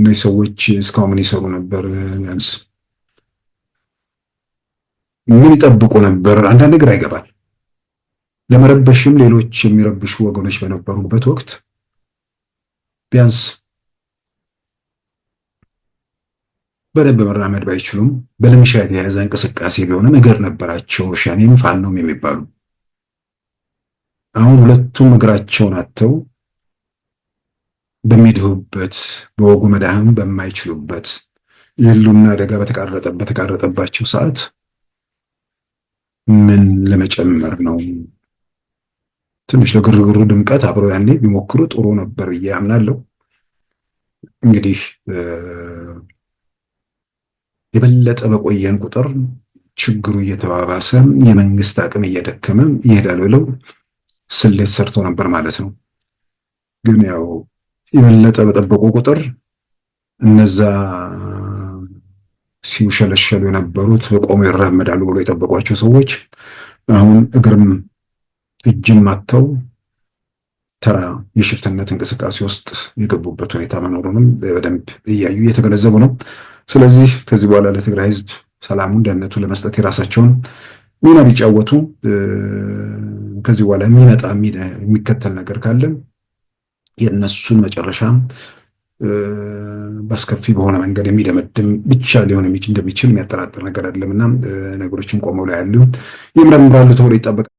እነዚህ ሰዎች እስካሁን ምን ይሰሩ ነበር? ቢያንስ ምን ይጠብቁ ነበር? አንዳንድ ነገር አይገባል። ለመረበሽም ሌሎች የሚረብሹ ወገኖች በነበሩበት ወቅት ቢያንስ በደንብ መራመድ ባይችሉም በልምሻ የተያዘ እንቅስቃሴ ቢሆንም እግር ነበራቸው። ሸኔም ፋኖም የሚባሉ አሁን ሁለቱም እግራቸውን አጥተው በሚድሁበት በወጉ መዳህም በማይችሉበት የህልውና አደጋ በተጋረጠባቸው ሰዓት ምን ለመጨመር ነው? ትንሽ ለግርግሩ ድምቀት አብረው ያኔ ቢሞክሩ ጥሩ ነበር ብዬ አምናለሁ። እንግዲህ የበለጠ በቆየን ቁጥር ችግሩ እየተባባሰ የመንግስት አቅም እየደከመ ይሄዳል ብለው ስሌት ሰርቶ ነበር ማለት ነው። ግን ያው የበለጠ በጠበቁ ቁጥር እነዛ ሲውሸለሸሉ የነበሩት ቆሞ ይራመዳሉ ብሎ የጠበቋቸው ሰዎች አሁን እግርም እጅን ማተው ተራ የሽፍትነት እንቅስቃሴ ውስጥ የገቡበት ሁኔታ መኖሩንም በደንብ እያዩ እየተገነዘቡ ነው። ስለዚህ ከዚህ በኋላ ለትግራይ ሕዝብ ሰላሙን፣ ደህንነቱ ለመስጠት የራሳቸውን ሚና ቢጫወቱ ከዚህ በኋላ የሚመጣ የሚከተል ነገር ካለም የእነሱን መጨረሻ በአስከፊ በሆነ መንገድ የሚደመድም ብቻ ሊሆን እንደሚችል የሚያጠራጥር ነገር አይደለም እና ነገሮችን ቆመው ላይ ያሉ ይምረምራሉ ተብሎ ይጠበቃል።